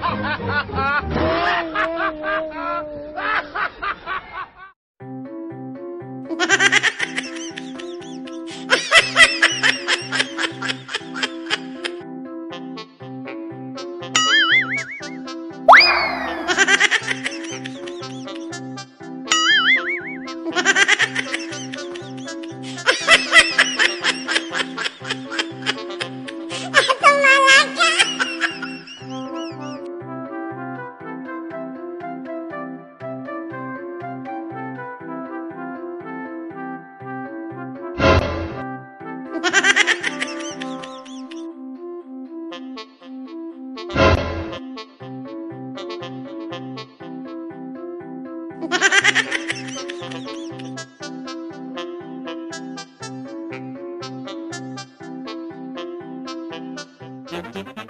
哈哈哈哈 Thank you.